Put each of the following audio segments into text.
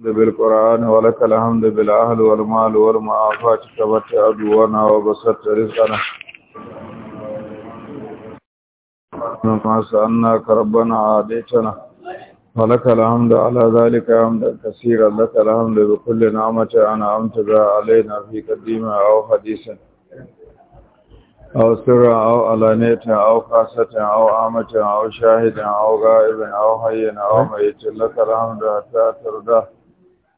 بالقرآن ولك الحمد بالأهل والمال والمعافات كبت عدونا وبسطت رزقنا ما سألناك ربنا عاديتنا ولك الحمد على ذلك حمدا كثيرا لك الحمد بكل نعمة أنعمت بها علينا في قديمة أو حديثا أو سرا أو علانية أو خاصة أو عامة أو شاهد أو غائب أو حي أو ميت لك الحمد حتى ترضى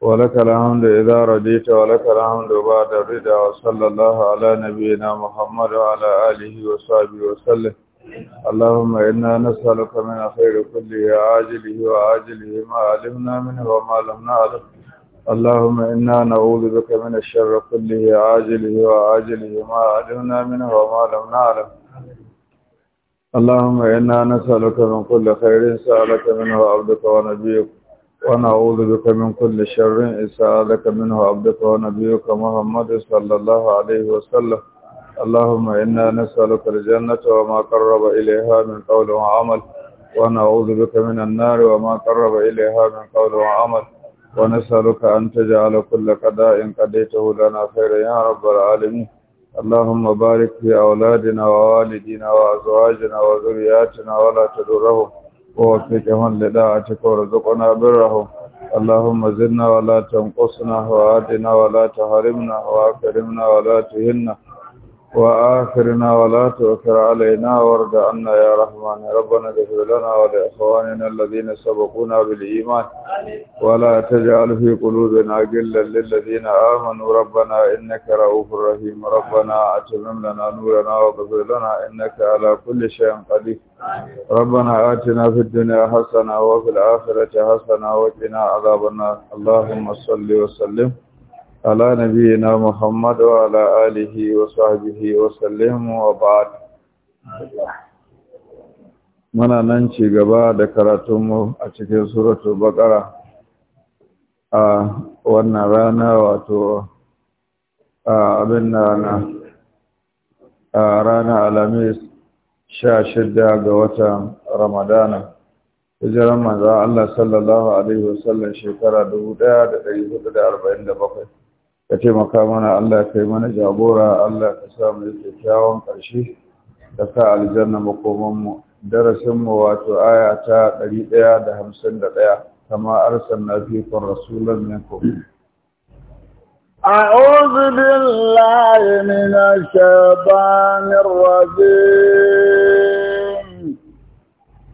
ولك الحمد إذا رديت ولك الحمد بعد الرضا وصلى الله على نبينا محمد وعلى آله وصحبه وسلم اللهم إنا نسألك من خير كله عاجله وعاجله ما علمنا منه وما لم نعلم اللهم إنا نعوذ بك من الشر كله عاجله وعاجله ما علمنا منه وما لم نعلم اللهم إنا نسألك من كل خير سألك منه عبدك ونبيك ونعوذ بك من كل شر استعاذك منه عبدك ونبيك محمد صلى الله عليه وسلم اللهم إنا نسألك الجنة وما قرب إليها من قول وعمل ونعوذ بك من النار وما قرب إليها من قول وعمل ونسألك أن تجعل كل قضاء قضيته لنا خيرا يا رب العالمين اللهم بارك في أولادنا ووالدينا وأزواجنا وذرياتنا ولا تدرهم ووفقهم لداعتك ورزقنا برهم اللهم زدنا ولا تنقصنا وآتنا ولا تحرمنا وأكرمنا ولا تهنا وآخرنا ولا تؤثر علينا وارض عنا يا رحمن ربنا اغفر لنا ولإخواننا الذين سبقونا بالإيمان ولا تجعل في قلوبنا غلا للذين آمنوا ربنا إنك رؤوف رحيم ربنا أتمم لنا نورنا واغفر لنا إنك على كل شيء قدير ربنا آتنا في الدنيا حسنة وفي الآخرة حسنة وقنا عذاب النار اللهم صل وسلم على نبينا محمد وعلى آله وصحبه وسلم وبعد muna nan ci gaba da karatunmu a cikin suratul baqara a wannan rana wato a abin rana. a rana alamis sha shidda ga watan ramadana hijiran manzo Allah sallallahu alaihi wasallam shekara dubu da da da dari hudu arba'in bakwai. ka taimaka mana Allah kai mana jagora Allah ka sa mu kyakkyawan ƙarshe ka aljanna makoman mu darasin mu wato aya ta ɗaya, kama arsalna fikum rasulan minkum أعوذ بالله من الشيطان الرجيم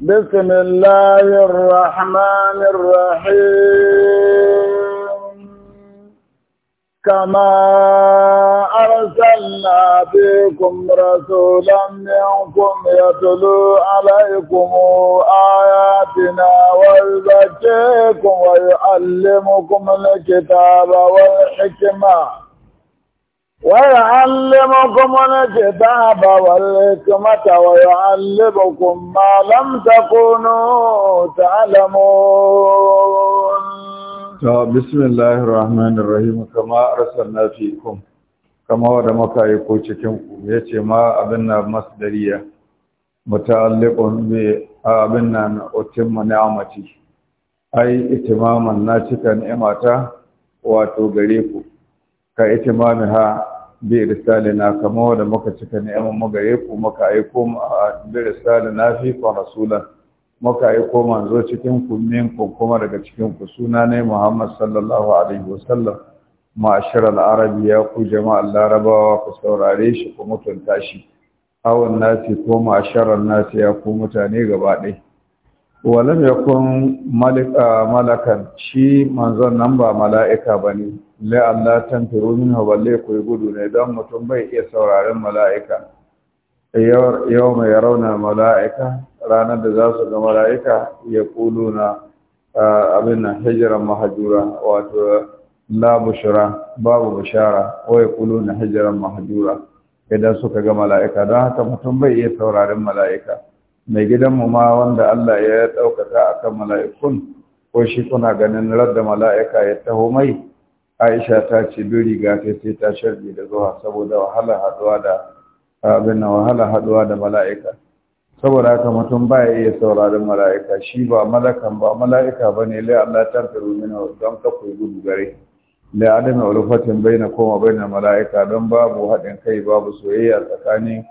بسم الله الرحمن الرحيم كما أرسلنا فيكم رسولا منكم يتلو عليكم آياتنا ويزكيكم ويعلمكم الكتاب والحكمة ويعلمكم الكتاب والحكمة ويعلمكم ما لم تكونوا تعلمون ta bismillahi rahmanir rahim kama arsalna fiikum kama wada maka ko cikin ku yace ma abin na masdariya muta'alliqun bi abin na utimma ni'amati ai itimaman na cika ni'imata wato gare ku ka itimami ha bi risalina kama wada muka cika ni'iman mu gare ku muka aiko mu bi risalina fi rasulan muka yi aiko manzo cikin kummin ku kuma daga cikin ku suna ne Muhammad sallallahu alaihi wasallam ma'asharal arabi ku jama'a larabawa ku saurare shi ku mutunta shi awon nasi ko ma'asharal nasi ya ku mutane gaba ɗaya walam yakun malika malakan shi manzon nan ba mala'ika bane la Allah min ha balle ku gudu ne don mutum bai iya sauraren mala'ika yau mai rauna mala'ika ranar da za su ga mala'ika ya kulu na abin nan hijiran mahajura wato la bushara babu bushara wai ya kulu na hijiran mahajura idan suka ga mala'ika don haka mutum bai iya saurarin mala'ika mai gidanmu ma wanda Allah ya ɗaukata a kan mala'ikun ko shi kuna ganin radda mala'ika ya taho mai aisha ta ce biri ga ta sai ta sharbi da zuwa saboda wahala haɗuwa da abin wahala haɗuwa da mala'ika saboda haka mutum ba ya iya sauraron mala'ika shi ba malakan ba mala'ika ba ne lai Allah ta taru mina don ka gudu gare lai adami ulfatin bai na koma bai na mala'ika don babu haɗin kai babu soyayya tsakanin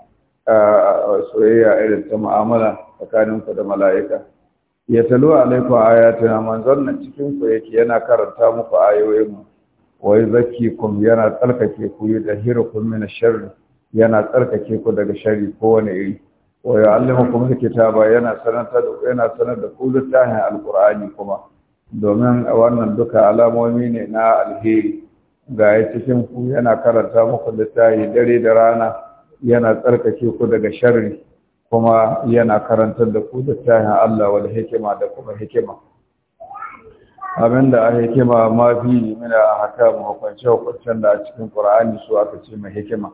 soyayya irin ta ma'amala tsakanin ku da mala'ika ya talo alaiku ayatina manzon nan cikin ku yake yana karanta muku ayoyin mu wai zaki kum yana tsarkake ku yi da hira kun mina sharri yana tsarkake ku daga sharri kowane iri wa ya'allimukum alkitaba yana sanar da yana sanar da ku littafin alqur'ani kuma domin wannan duka alamomi ne na alheri ga ya cikin ku yana karanta muku littafi dare da rana yana tsarkake ku daga sharri kuma yana karantar da ku littafin Allah wal hikima da kuma hikima abinda a hikima ma fi mina a haka hukunce hukuncen da a cikin Qur'ani su aka ce mai hikima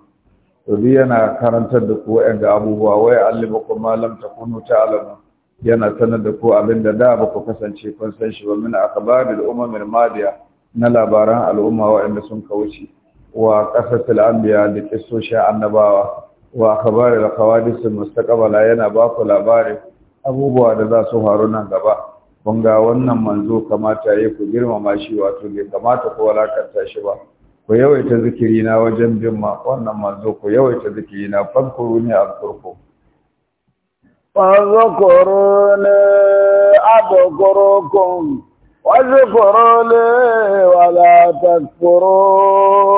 to duk yana karantar da ku waɗanda abubuwa wai alliba ku malam ta kunu ta alamu yana sanar da ku abin da da ba ku kasance kun san shi ba min akababil umamil madiya na labaran al'umma waɗanda sun kauce wa qasasil anbiya da qissoshin annabawa wa akabaril hawadis mustaqbala yana ba ku labarin abubuwa da za su faru nan gaba kun ga wannan manzo kamata ya ku girmama shi wato bai kamata ku walakanta shi ba ku yawaita zikiri na wajen bin wannan manzo ku yawaita zikiri na ne a kurku fankuru ne a wajen wazkuru ne wala tadkuru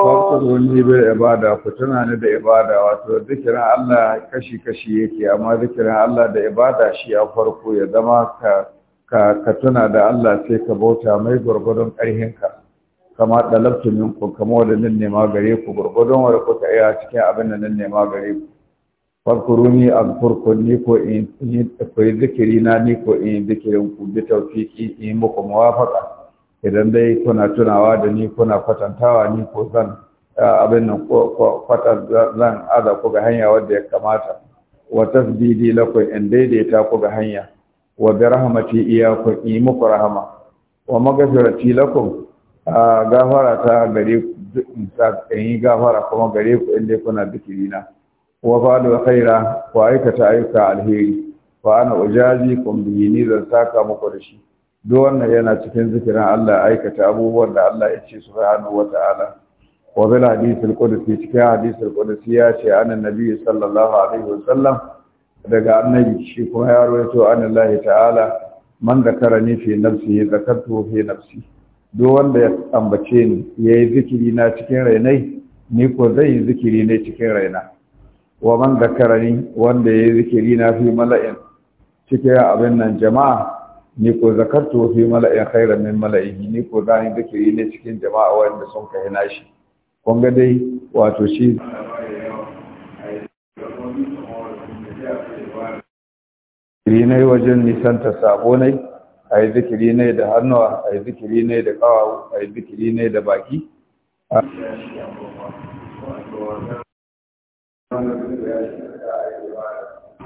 fankuru ne bai ibada ku tuna ne da ibada wato zikirin Allah kashi kashi yake amma zikirin Allah da ibada shi a farko ya zama ka tuna da Allah sai ka bauta mai gwargwadon ƙarhinka kama min ku kama da nan ne ma gare ku gurgudun ku kuka iya cikin abin da nan ne ma gare ku a azkurkum ni ko in yi zikiri na ni ko in yi zikirin ku bi tawfiki in muku mawafaka idan dai kuna tunawa da ni kuna kwatantawa ni ko zan abin nan kwatar zan aza ku ga hanya wadda ya kamata wa tasbidi lakum in daidaita ku ga hanya wa bi rahmati iyyakum in muku rahama wa maghfirati lakum gafara ta gare ku yi gafara kuma gare ku inda kuna zikiri na wa fa'alu khaira ku aikata ayyuka alheri wa ana ujazi kum bi ni zan saka muku da shi duk wannan yana cikin zikirin Allah aikata abubuwan da Allah ya ce subhanahu ta'ala wa bil hadith al-qudsi cikin hadith al-qudsi ya ce anan nabi sallallahu alaihi sallam daga annabi shi kuma ya rawaito anallahi ta'ala man zakarani fi nafsihi zakartu fi nafsihi duk wanda ya ambace ni ya yi zikiri na cikin rainai ni ko zai yi zikiri ne cikin raina wa man zakarani wanda ya yi zikiri na fi mala'in cikin abin nan jama'a ni ko zakartu fi mala'in khairan min mala'ihi ni ko zan yi zikiri ne cikin jama'a wanda sun kai nashi kun ga dai wato shi rinai wajen nisanta sabo nai a yi zikiri ne da hannuwa a zikiri ne da ƙawawu a zikiri ne da baki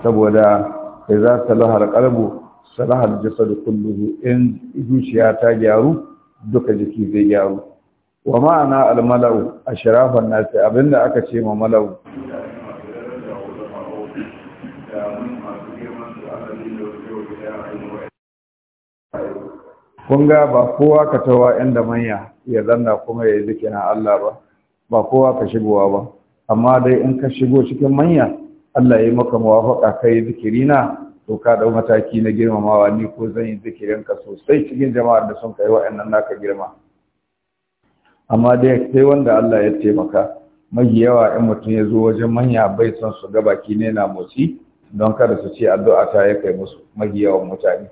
saboda ya za ta lahar kalbu salahar kulluhu in zuciya ta gyaru duka jiki zai gyaru wa ma'ana almala'u a shirafan nasi abinda aka ce ma mala'u kun ga ba kowa ka tawa inda manya ya zanna kuma ya yi na Allah ba ba kowa ka shigowa ba amma dai in ka shigo cikin manya Allah ya yi maka muwafaka kai zikiri na to ka dau mataki na girmamawa ni ko zan yi zikirin ka sosai cikin jama'ar da sun kai wa'annan naka girma amma dai sai wanda Allah ya taimaka mai yawa in mutum ya zo wajen manya bai son su ga baki ne na motsi don kada su ce addu'a ta ya kai musu magiyawan mutane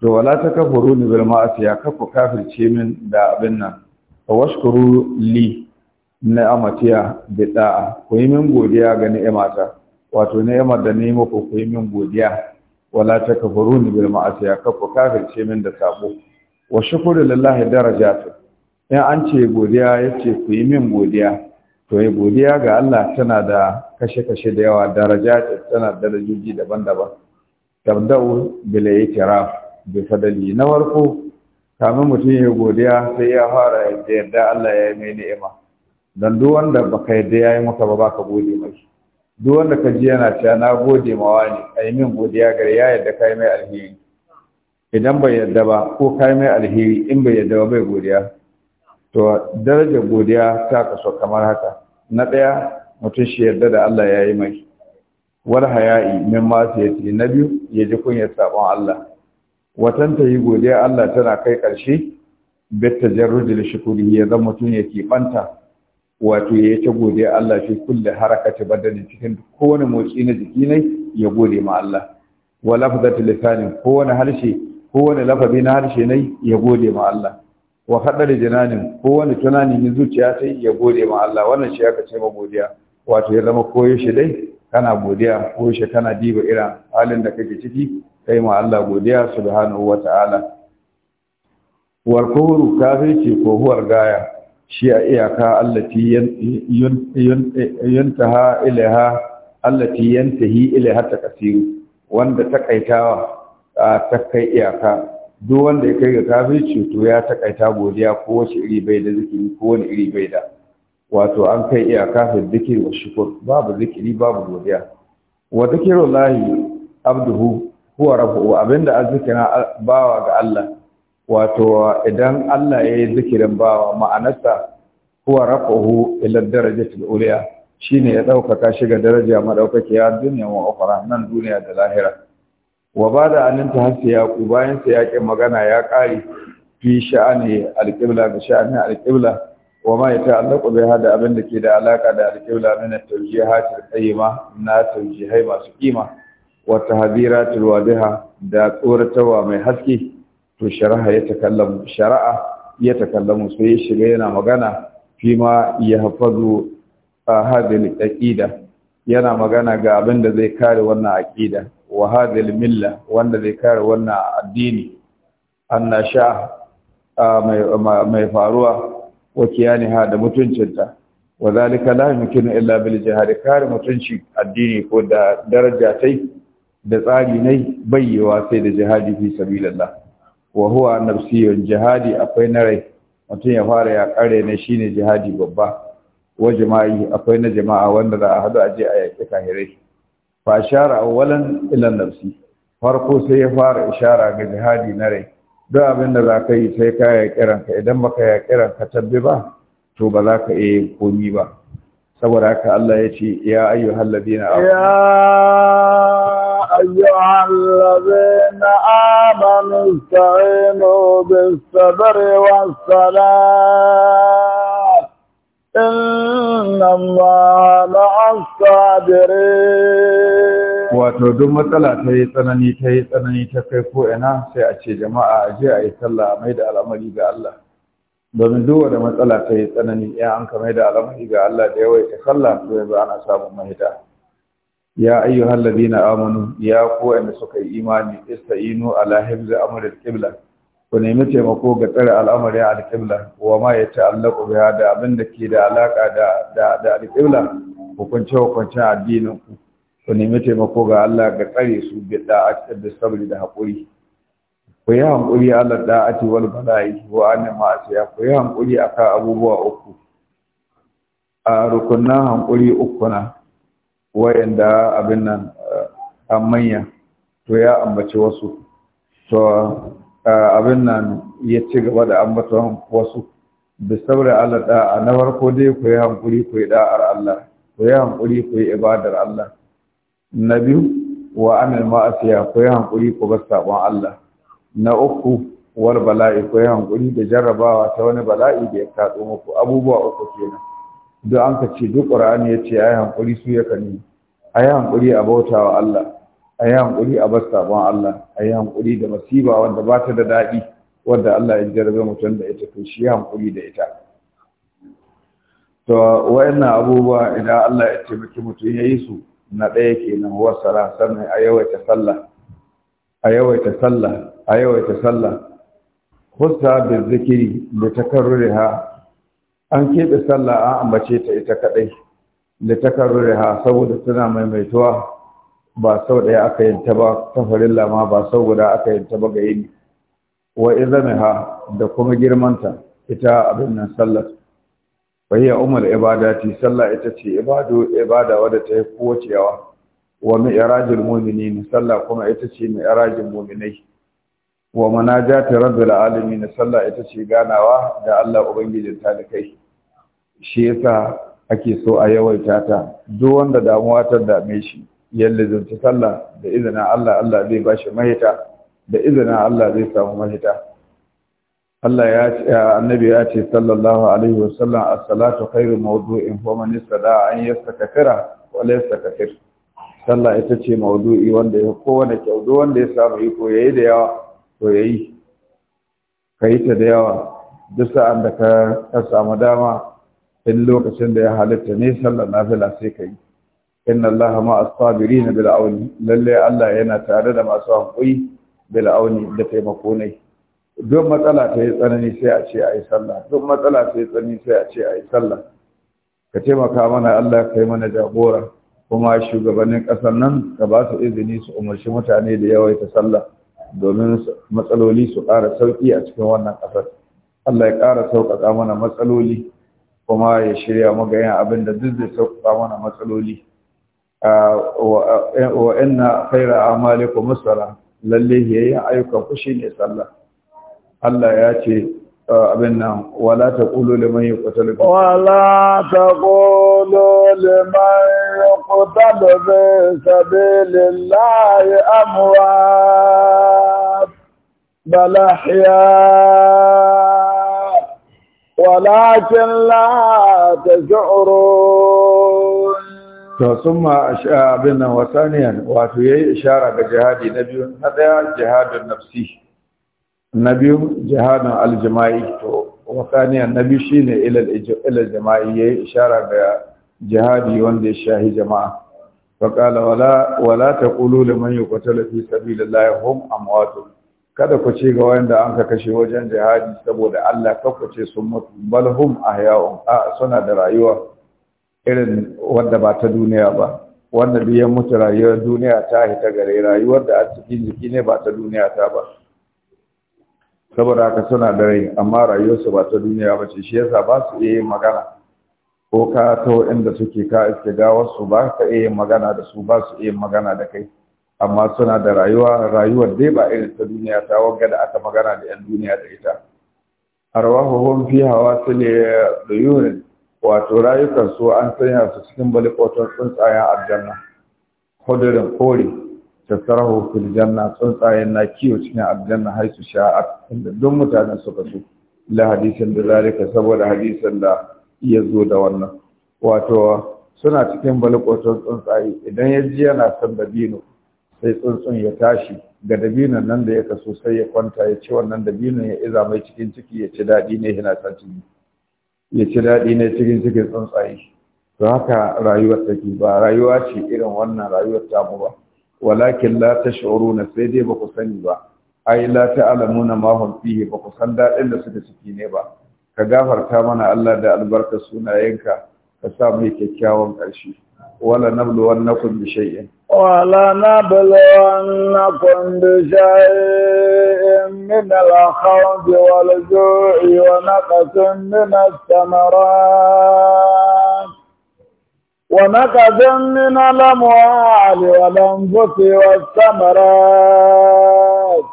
to wala ta kafuru ni bil ma'asiya kafu kafirce min da abin nan fa washkuru li amatiya bi da'a ku yi min godiya ga ni'imata wato ni'imar da ni muku ku yi min godiya wala ta kafuru ni bil ma'asiya kafu kafirce min da sabo wa shukuru lillahi darajatu in an ce godiya yace ku yi min godiya to yi godiya ga Allah tana da kashe-kashe da yawa daraja tana da darajoji daban-daban tabda'u bil i'tiraf bi fadali na farko kamin mutum ya godiya sai ya fara yadda yadda Allah ya yi mai ni'ima don duk wanda baka yadda ya yi maka ba ka gode mai duk wanda ka ji yana cewa na gode ma wani a yi min godiya gare ya yadda ka yi mai alheri idan bai yadda ba ko ka yi mai alheri in bai yadda ba bai godiya to darajar godiya ta kaso kamar haka na ɗaya mutum shi yarda da Allah ya yi mai wal haya'i min ma na biyu ya ji kunyar sabon Allah watan ta yi godiya Allah tana kai ƙarshe betta tajarrud li shukuri ya zama mutum yake banta wato ya ta godiya Allah fi kulle harakati badani cikin kowane motsi na jiki ne ya gode ma Allah wa lafzatu lisani kowane harshe kowane lafazi na harshe ne ya gode ma Allah wa hadari jinanin kowane tunani na zuciya sai ya gode ma Allah wannan shi aka ce ma godiya wato ya zama koyo shi dai kana godiya ko shi kana diba irin halin da kake ciki kai ma Allah godiya subhanahu ta'ala war kuhuru kafirci ko huwar gaya shi a iyaka allati yantaha ilaha allati yantahi ilaha kasiru wanda takaitawa ta kai iyaka duk wanda ya kai ga kafirci to ya takaita godiya ko wace iri bai da zikiri ko wani iri bai da wato an kai iyaka fi dhikri wa shukur babu zikiri babu godiya wa lahi, abduhu huwa rabbuhu abinda zikira bawa ga Allah wato idan Allah ya yi zikirin bawa ma'anarsa huwa rafahu ila darajatul uliya shine ya ɗaukaka shi ga daraja madaukakiya duniya wa ukhra nan duniya da lahira wa bada an ta tahassi ya ku bayan sa yaƙin magana ya ƙari fi sha'ani alƙibla ga sha'ani alƙibla. wa ma yata'allaqu bi hada abin da ke da alaka da alƙibla min at-tawjihat na tawjihai masu kima wa tahdirat al da tsoratawa mai haske to shari'a ya takallamu shari'a ya takallamu sai ya shiga yana magana fima ya hafazu hadhihi al yana magana ga abin da zai kare wannan aqida wa hadhihi milla wanda zai kare wannan addini annasha ah, mai faruwa wa kiyaniha da mutuncinta wa zalika la yumkin illa bil jihad kare mutunci addini ko da daraja tai da tsari nai bayyewa sai da jihadi fi sabilillah wa huwa nafsiyun jihadi akwai na rai mutum ya fara ya kare ne shine jihadi babba wa jama'i akwai na jama'a wanda za a hadu a je a yaƙi kahirai fa shara awwalan ila nafsi farko sai ya fara ishara ga jihadi na rai duk abin da za ka yi sai ka yi kiranka idan ba ka yi kiranka tabbi ba to ba za ka iya komi ba saboda haka Allah ya ce ya ayyu na amanu ya ayyu na amanu ista'inu bis sabri was salat inna allaha ma'as wato duk matsala ta yi tsanani ta yi tsanani ta kai ko ina sai a ce jama'a a je a yi sallah a mai al'amari ga Allah domin duk wanda matsala ta yi tsanani ya an ka mai da al'amari ga Allah da yawa ta sallah to yanzu ana samun mahita ya ayyuhal ladina amanu ya ku wanda suka yi imani istainu ala hifzi amrul qibla ku nemi taimako ga tsare al'amarin qibla wa ma ya ta'allaku da abin da ke da alaka da da alƙibla hukunce hukuncen addinin ku ku nemi taimako ga Allah ga tsare su da da'ati da sabri da haƙuri ku yi hankuri ala da'ati wal bala'i wa anna ma'asiya ku yi haƙuri akan abubuwa uku a rukunnan haƙuri uku na wayanda abin nan an manya to ya ambaci wasu to abin nan ya ci gaba da ambaton wasu da saboda Allah da'a na farko dai ku yi haƙuri ku yi da'ar Allah ku yi haƙuri ku yi ibadar Allah na biyu wa amal ma'asiya ko yi hankuri ku bar sabon Allah na uku war bala'i ko yi hankuri da jarrabawa ta wani bala'i da ya kaɗo muku abubuwa uku kenan don an ka ce duk ƙur'ani ya ce ayi hankuri su ya kani ayi hankuri a bauta wa Allah ayi hankuri a bar sabon Allah ayi hankuri da masiba wanda ba ta da daɗi wanda Allah ya jarrabe mutum da ita to shi hankuri da ita to wa'annan abubuwa idan Allah ya taimaki mutum ya yi su na ɗaya kenan sara sannan a yawaita sallah a yawaita sallah a yawaita sallah hussa da zikiri da takarruriha an keɓe sallah an ambace ta ita kaɗai da riha saboda tana maimaituwa ba sau ɗaya aka yin ta ba ta farilla ma ba sau guda aka yin ta ba ga yini wa ha da kuma girmanta ita abin nan sallah ya umar ibadati sallah ita ce ibado ibada wadda ta yi kowace yawa wa mi'rajul na sallah kuma ita ce mai mi'rajul mu'minai wa manajati rabbil alamin sallah ita ce ganawa da Allah ubangijin kai. shi yasa ake so a yawaita ta duk wanda damuwa ta dame shi yalla zanta sallah da izinin Allah Allah zai bashi mahita da izinin Allah zai samu mahita Allah ya ce annabi ya ce sallallahu alaihi wa sallam as-salatu khairu mawdu'in wa man istada an yastakfira wa la yastakfir sallah ita ce mawdu'i wanda ya kowane kyaudo wanda ya samu ko yayi da yawa ko yayi kai ta da yawa duk sa'an da ka samu dama in lokacin da ya halitta ne sallar nafila sai kai inna Allah ma as-sabirin bil auni lalle Allah yana tare da masu hankuri bil auni da taimako ne duk matsala ta yi tsanani sai a ce a yi sallah duk matsala ta yi tsanani sai a ce a yi sallah ka taimaka mana Allah ka yi mana jagora kuma shugabannin ƙasar nan ka ba su izini su umarci mutane da yawaita sallah domin matsaloli su ƙara sauƙi a cikin wannan ƙasar Allah ya ƙara sauƙaƙa mana matsaloli kuma ya shirya mu yin abin da duk zai sauƙaƙa mana matsaloli wa inna khaira amalikum musalla lalle yayin ayyukan kushi ne sallah Allah ya ce abin nan wala taqulu liman yuqtalu wala taqulu liman yuqtalu bi sabilillahi amwat bal ahya walakin la tash'urun to summa abin nan wasaniyan wato yayi ishara ga jihadi na biyu na daya jihadun nafsi na biyu jihadin aljima'i to wasaniya na biyu shi ne ilal jama'i ya yi ishara ga jihadi wanda ya shahi jama'a faƙala wala ta ƙulu da manyan kwatala fi sabi da hom kada ku ce ga wanda an ka kashe wajen jihadi saboda allah kakku ce sun mutu balhum ahya'un a suna da rayuwa irin wadda ba ta duniya ba wanda biyan mutu rayuwar duniya ta hita gare rayuwar da a cikin jiki ne ba ta duniya ta ba saboda haka suna da rai amma rayuwarsu ba ta duniya ba ce shi yasa ba su iya yin magana ko ka ta inda suke ka iske gawarsu ba ka iya yin magana da su ba su iya yin magana da kai amma suna da rayuwa rayuwar dai ba irin ta duniya ta wagga da aka magana da yan duniya da ita hum fi hawasil duyurin wato rayukan an sanya su cikin balikotar tsuntsayen aljanna hudurin kore tattarahu fil janna tsuntsaye na kiwo cikin aljanna har su sha inda duk mutanen suka so la hadisin da zalika saboda hadisin da iya zo da wannan wato suna cikin balkotun tsuntsaye idan ya ji yana son dabino sai tsuntsun ya tashi ga dabinon nan da ya kaso sai ya kwanta ya ci wannan dabinon ya iza mai cikin ciki ya ci daɗi ne yana son ciki ya ci daɗi ne cikin cikin tsuntsaye to haka rayuwar take ba rayuwa ce irin wannan rayuwar tamu ba walakin la na sai dai ba ku sani ba ai la alamu na mahon fihi ba ku san daɗin da suka ciki ne ba ka gafarta mana Allah da albarkar sunayenka ka sa mu kyakkyawan ƙarshe wala nabluwannakum bi shay'in wala nabluwannakum bi shay'in min al wal-ju'i wa naqsin min ath ونكثا من الأموال والأنفس والثمرات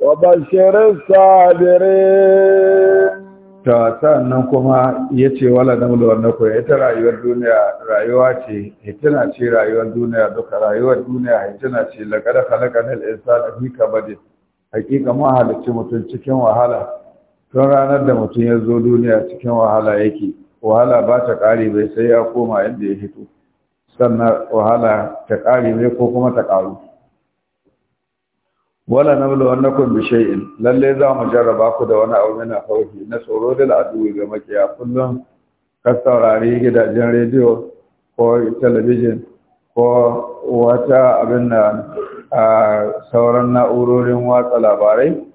وبشر الصابرين ta nan kuma ya ce wala na mulwannako ita rayuwar duniya rayuwa ce hitina ce rayuwar duniya duka rayuwar duniya hitina ce laƙada halakanar isa da fi kabade hakika mahalicci mutum cikin wahala tun ranar da mutum ya zo duniya cikin wahala yake wahala ba ta ƙare bai sai ya koma yadda ya fito sannan wahala ta ƙare bai ko kuma ta ƙaru wala na nablu kun bi shay'in Lallai za mu jarraba ku da wani abu na fauki na tsoro da la'adu ga makiya kullum ka saurari gidajen rediyo ko talabijin ko wata abin da sauran na'urorin watsa labarai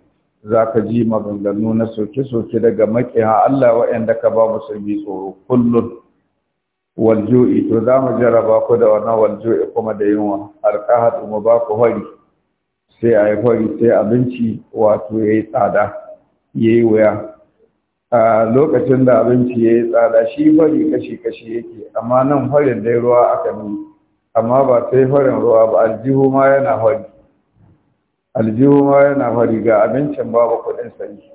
za ka ji maganganu na soke-soke daga makiha. Allah waɗanda ka ba musulmi tsoro kullum waljo'i to za mu jarraba ku da wannan waljo'i kuma da yunwa alƙahatu mu ba ku hori sai a yi hori sai abinci wato ya yi tsada ya yi wuya a lokacin da abinci ya yi tsada shi hori kashi-kashi yake amma nan horin dai ruwa aka nuna amma ba sai horin ruwa ba aljihu ma yana hori aljihu ma yana fari ga abincin babu kuɗin sayi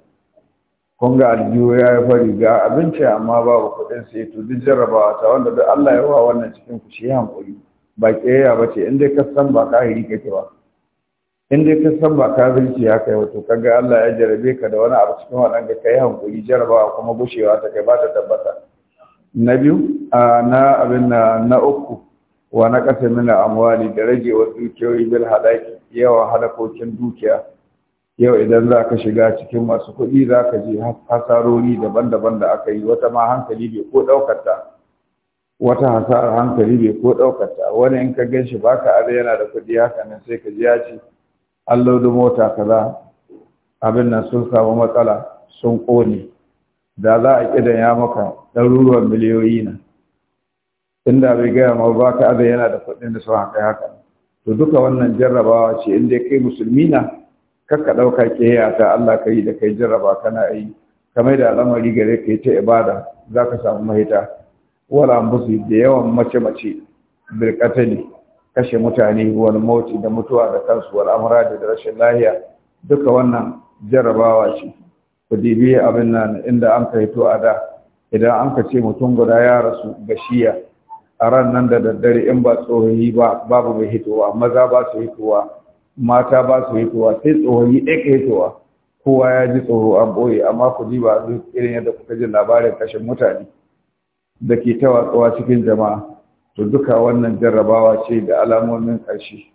kun ga aljihu ya yi fari ga abinci amma babu kuɗin sayi to duk jarrabawa ta wanda duk Allah ya wa wannan cikin ku shi hankuri ba ƙiyayya ba ce in dai ka san ba hiri kake ba in dai ka san ba kafirci ya kai wato ga Allah ya jarabe ka da wani abu cikin waɗanda ka yi hankuri Jarrabawa kuma gushewa ta kai ba ta tabbata na biyu na abin na uku wa na ƙasa mina amwali da rage wasu dukiyoyi bil halaki yawa halakokin dukiya yau idan za ka shiga cikin masu kuɗi za ka je hasarori daban-daban da aka yi wata ma hankali bai ko ɗaukata, wata hasarar hankali bai ko ɗaukata. wani in ka gan shi ba ka are yana da kuɗi haka nan sai ka ji ya ce an laudu mota kaza abin nan sun samu matsala sun ƙone da za a ƙi ya maka ɗaruruwan miliyoyi na inda bai gaya ma ba ka are yana da kuɗin da sun haka haka to duka wannan jarrabawa ce in dai kai musulmi na kakka ɗauka ƙiyayya ta Allah ka yi da kai jarraba kana yi kamar da al'amari gare ka yi ta ibada za ka samu mahita wala ambusi da yawan mace-mace birkatani kashe mutane wani mauti da mutuwa da kansu wal da rashin lahiya duka wannan jarrabawa ce ku dibi abin nan inda an ka hito a da idan an ka ce mutum guda ya rasu ga a ran nan da daddare in ba tsohoyi ba babu mai hitowa maza ba su hitowa mata ba su hitowa sai tsohoyi ɗaya ka hitowa kowa ya ji tsoro an ɓoye amma ku ji ba irin yadda kuka ji labarin kashin mutane da ke ta watsuwa cikin jama'a to duka wannan jarrabawa ce da alamomin ƙarshe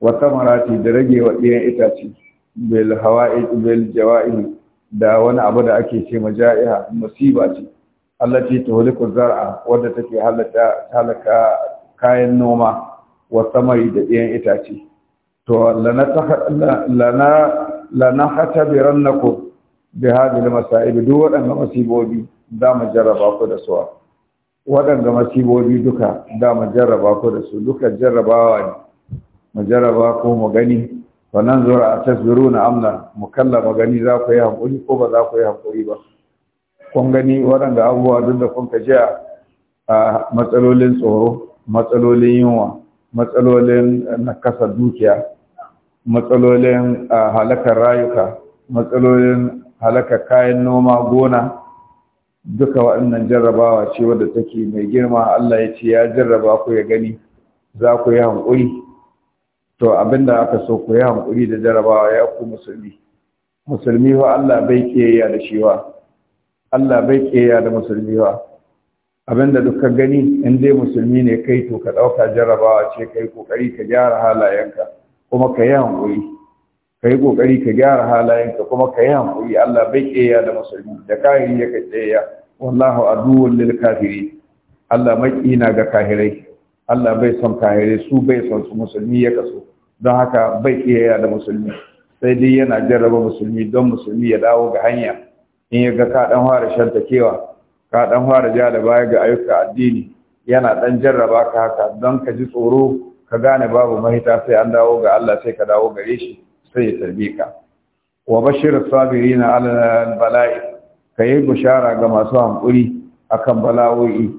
wa samarati da rage wa ɗiyan itace bil hawa'i bil jawa'i da wani abu da ake ce ma jaiha musiba ce allati tuhliku zar'a wadda take halaka halaka kayan noma wa samari da iyan itace to lana hatabirannakum bi hadhihi al duk waɗanda masibobi da mu jarraba ku da su masibobi duka da mu jarraba ku da su duka jarrabawa ne mu jarraba ku mu gani wannan zura a tasbiruna amna mukalla magani za ku yi hakuri ko ba za ku yi hakuri ba kun gani waɗanda abubuwa duk da kun kaji a matsalolin tsoro matsalolin yunwa matsalolin nakasa dukiya matsalolin halakar rayuka matsalolin halakar kayan noma gona duka waɗannan jarrabawa ce wadda take mai girma Allah ya ce ya jarraba ku ya gani za ku yi hankuri to abinda aka so ku yi hankuri da jarrabawa ya ku musulmi musulmi wa Allah bai kiyayya da shi wa Allah bai keya da musulmi ba abinda duka gani in dai musulmi ne kai to ka ɗauka jarrabawa ce kai kokari ka gyara halayenka kuma ka yi hankuri ka yi kokari ka gyara halayenka kuma ka yi hankuri Allah bai keya da musulmi da kahiri ya ka keya wallahu aduwwul lil kafiri Allah mai ina ga kahirai Allah bai son kahirai su bai son su musulmi ya kaso don haka bai keya da musulmi sai dai yana jarraba musulmi don musulmi ya dawo ga hanya in ya ga ka dan fara shanta kewa ka dan fara ja da baya ga ayyuka addini yana dan jarraba ka haka don ka ji tsoro ka gane babu mahita sai an dawo ga Allah sai ka dawo gare shi sai ya tarbe ka wa bashir sabirin ala bala'i kai bushara ga masu hankuri akan bala'o'i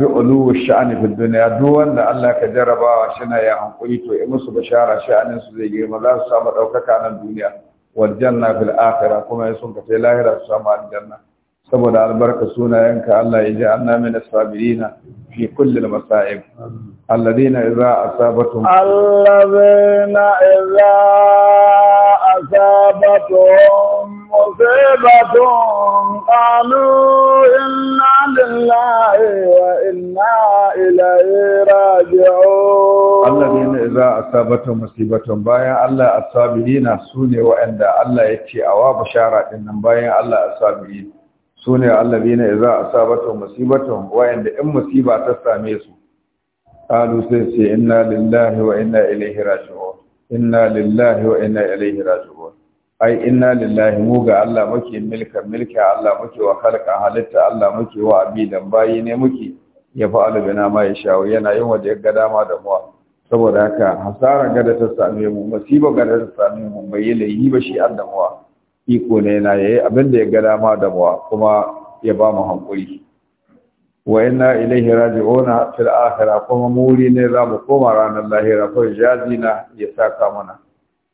bi uluwu sha'ani fi duniya duk wanda Allah ka jarrabawa shi na ya hankuri to ya musu shi sha'anin su zai girma za su samu ɗaukaka nan duniya Wajen na fil akhirah kuma sun ka tai lahira su samu aljanna saboda albarka sunayenka Allah ya ji anna min as-sabirina fi kulli al-masa'ib alladhina idza asabatuhum alladhina idza asabatuhum مصيبة قالوا إنا لله وإنا إليه راجعون الذين إذا أصابتهم مصيبة بايا الله الصابرين سوني وإن الله يكي أوا بشارة إن بايا الله الصابرين سوني الذين إذا أصابتهم مصيبة وإن إن مصيبة تستميسوا قالوا سيسي إنا لله وإنا إليه راجعون إنا لله وإنا إليه راجعون ai inna lillahi mu ga Allah muke milka milka Allah muke wa halka halitta Allah muke wa abidan bayi ne muke ya fa'alu bina ma ya shawo yana yin wanda ya ga dama da muwa saboda haka hasara gada ta same mu masiba gada ta same mu bai yi ba shi an damuwa iko ne na yayi abin da ya ga dama da muwa kuma ya ba mu hankuri wa inna ilaihi raji'una fil akhirah kuma muri ne za mu koma ranar lahira ko jazina ya saka mana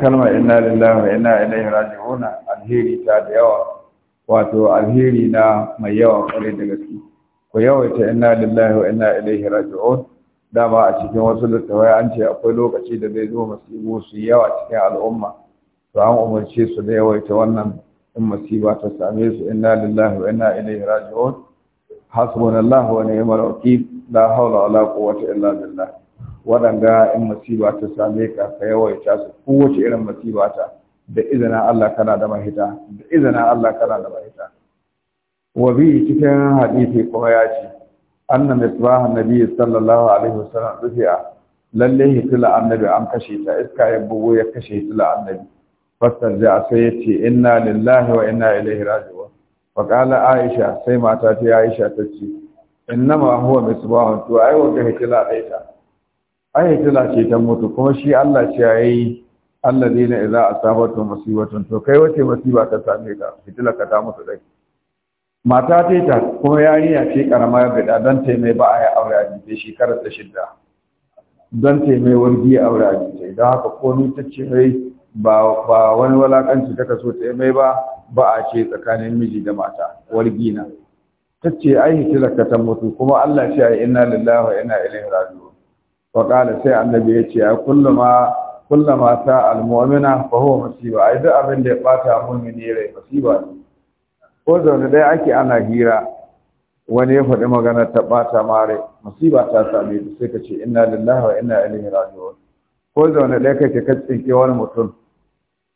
kalmar ina lillahi wa inna ilaihi raji'un alheri ta da yawa wato alheri na mai yawa kwarai da gaske ku yawaita ina lillahi wa inna ilaihi raji'un dama a cikin wasu littattafai an ce akwai lokaci da zai zo masu su yawa cikin al'umma to an umarce su da yawaita wannan in masiba ta same su inna lillahi wa inna ilaihi raji'un hasbunallahu wa ni'mal wakeel la hawla wala quwwata illa billah wadanga in masiba ta same ka ka yawaita su kowace irin masiba ta da izina Allah kana da mahita da izina Allah kana da mahita wa bi cikin hadisi kuma ya ce anna misbah nabi sallallahu alaihi wasallam rufi'a lalle hitila annabi an kashe ta iska ya bugo ya kashe hitila annabi a sai ya ce inna lillahi wa ina ilaihi raji'un fa qala aisha sai mata ta aisha ta ce ma huwa misbahun to ai wanda hitila daita ai hitila ce ta mutu kuma shi Allah ce yayi alladina idza asabatu musibatun to kai wace musiba ta same ka hitila ka ta mutu dai mata ta ta kuma yarinya ce karama bida dan ta mai ba a yi aure a jike shekarar ta shidda Don ta mai wargi aure a jike don haka komai ta ce ba ba wani walakanci ta kaso ta mai ba ba a ce tsakanin miji da mata walgina ta ce ai hitilar ka tambatu, mutu kuma Allah ce ai inna lillahi wa inna ilaihi raji'un wa qala sai annabi ya ce kullama kullama ta almu'mina fa huwa musiba ai duk abin da ya bata mu'mini rai musiba ne ko zaune dai ake ana hira wani ya faɗi magana ta ɓata mare musiba ta same shi sai ka ce inna lillahi wa inna ilaihi raji'un ko zaune ɗaya kake ka tsinke wani mutum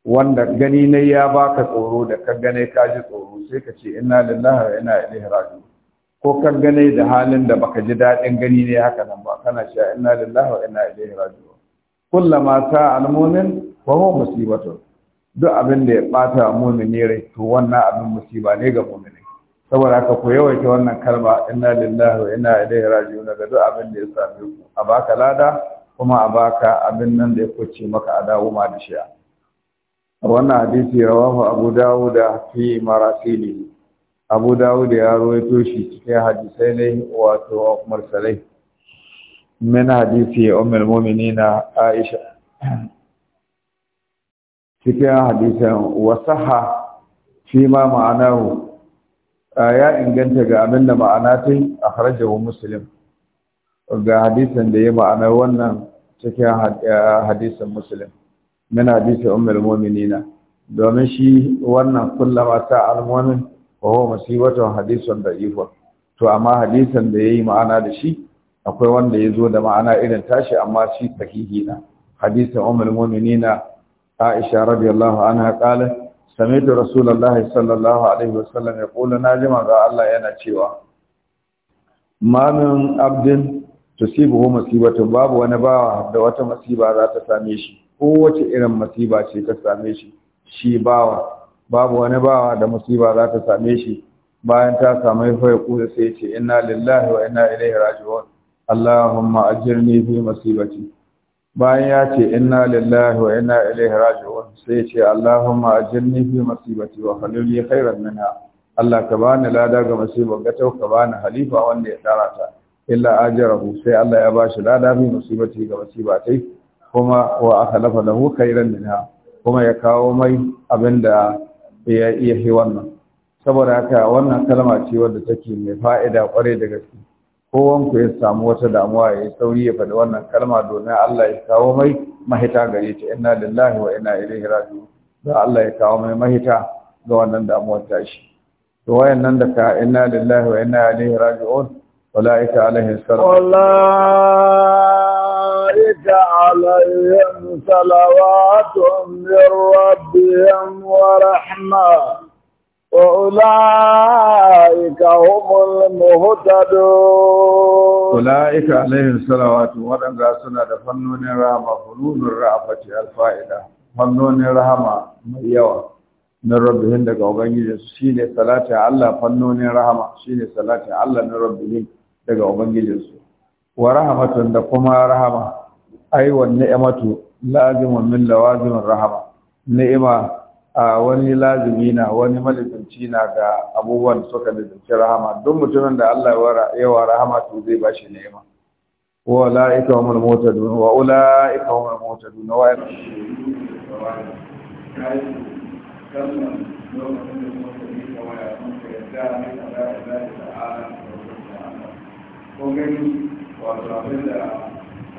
wanda gani ne ya baka tsoro da ka gane ka ji tsoro sai ka ce ina lillahi wa inna ilaihi raji'un ko ka gane da halin da baka ji daɗin gani ne haka nan ba kana cewa inna lillahi wa inna ilaihi raji'un kullama ta almumin wa huwa musibatu duk abin da ya bata mu'mini rai to wannan abin musiba ne ga mumin saboda haka ku yawaita wannan kalma inna lillahi wa inna ilaihi raji'un daga duk abin da ya same ku a baka lada kuma a baka abin nan da ya kuce maka a dawo ma da shi'a wannan hadisi rawahu abu dawud fi marasili abu dawud ya rawaito shi cikin hadisai ne wato mursalai min hadisi ummul mu'minina aisha cikin hadisan wasaha fi ma ma'anahu ya inganta ga abin da ma'ana ta yi a harajawa musulun ga hadisan da ya ma'ana wannan cikin eh, hadisan musulun min hadisi ummul mu'minina domin shi wannan kullama ta almu'min wa huwa musibatu hadisun da'ifun to amma hadisan da yayi ma'ana da shi akwai wanda ya zo da ma'ana irin tashi amma shi sahihi na hadisin ummul mu'minina Aisha radiyallahu anha qalat سمعت رسول الله صلى الله عليه وسلم يقول ga Allah yana cewa ma min abdin tusibuhu musibatu babu wani bawa da wata musiba za ta same shi kowace irin masiba ce ka same shi shi bawa babu wani bawa da masiba za ta same shi bayan ta samu faya kuda sai ce inna lillahi wa inna ilaihi raji'un Allahumma ajirni fi masibati bayan ya ce inna lillahi wa inna ilaihi raji'un sai ce Allahumma ajirni fi masibati wa halil li khairan minha Allah ka bani lada ga masiba ga tau ka bani halifa wanda ya tsara ta illa ajrahu sai Allah ya bashi lada fi masibati ga masibatai kuma wa aka akhlafa lahu khairan minha kuma ya kawo mai abinda ya iya yi wannan saboda haka wannan kalma ce wadda take mai fa'ida kwarai da gaske kowan ku ya samu wata damuwa ya sauri ya faɗi wannan kalma domin Allah ya kawo mai mahita gare ta inna lillahi wa inna ilaihi raji'un da Allah ya kawo mai mahita ga wannan damuwar tashi to wayannan da ka inna lillahi wa inna ilaihi raji'un ulaika alaihim salam أولئك عليهم صلوات من ربهم ورحمة وأولئك هم المهتدون أولئك عليهم صلوات ودن سنة فنون رحمة فنون الرحمة الفائدة فنون رحمة مليوة من ربهم دقا وبنجي سينة صلاة الله فنون رحمة سينة صلاة الله من ربهم daga Ubangijinsu, wa rahamatun da kuma rahama ai wan ni'matu lazimun min lawazimin rahama ni'ima a wani lazimi na wani malifinci na ga abubuwan suka lizinci rahama duk mutumin da Allah ya wa rahama to zai ba shi ni'ima wa la'ika humul mutadu wa ula'ika humul mutadun wa ya ko gani wato abin da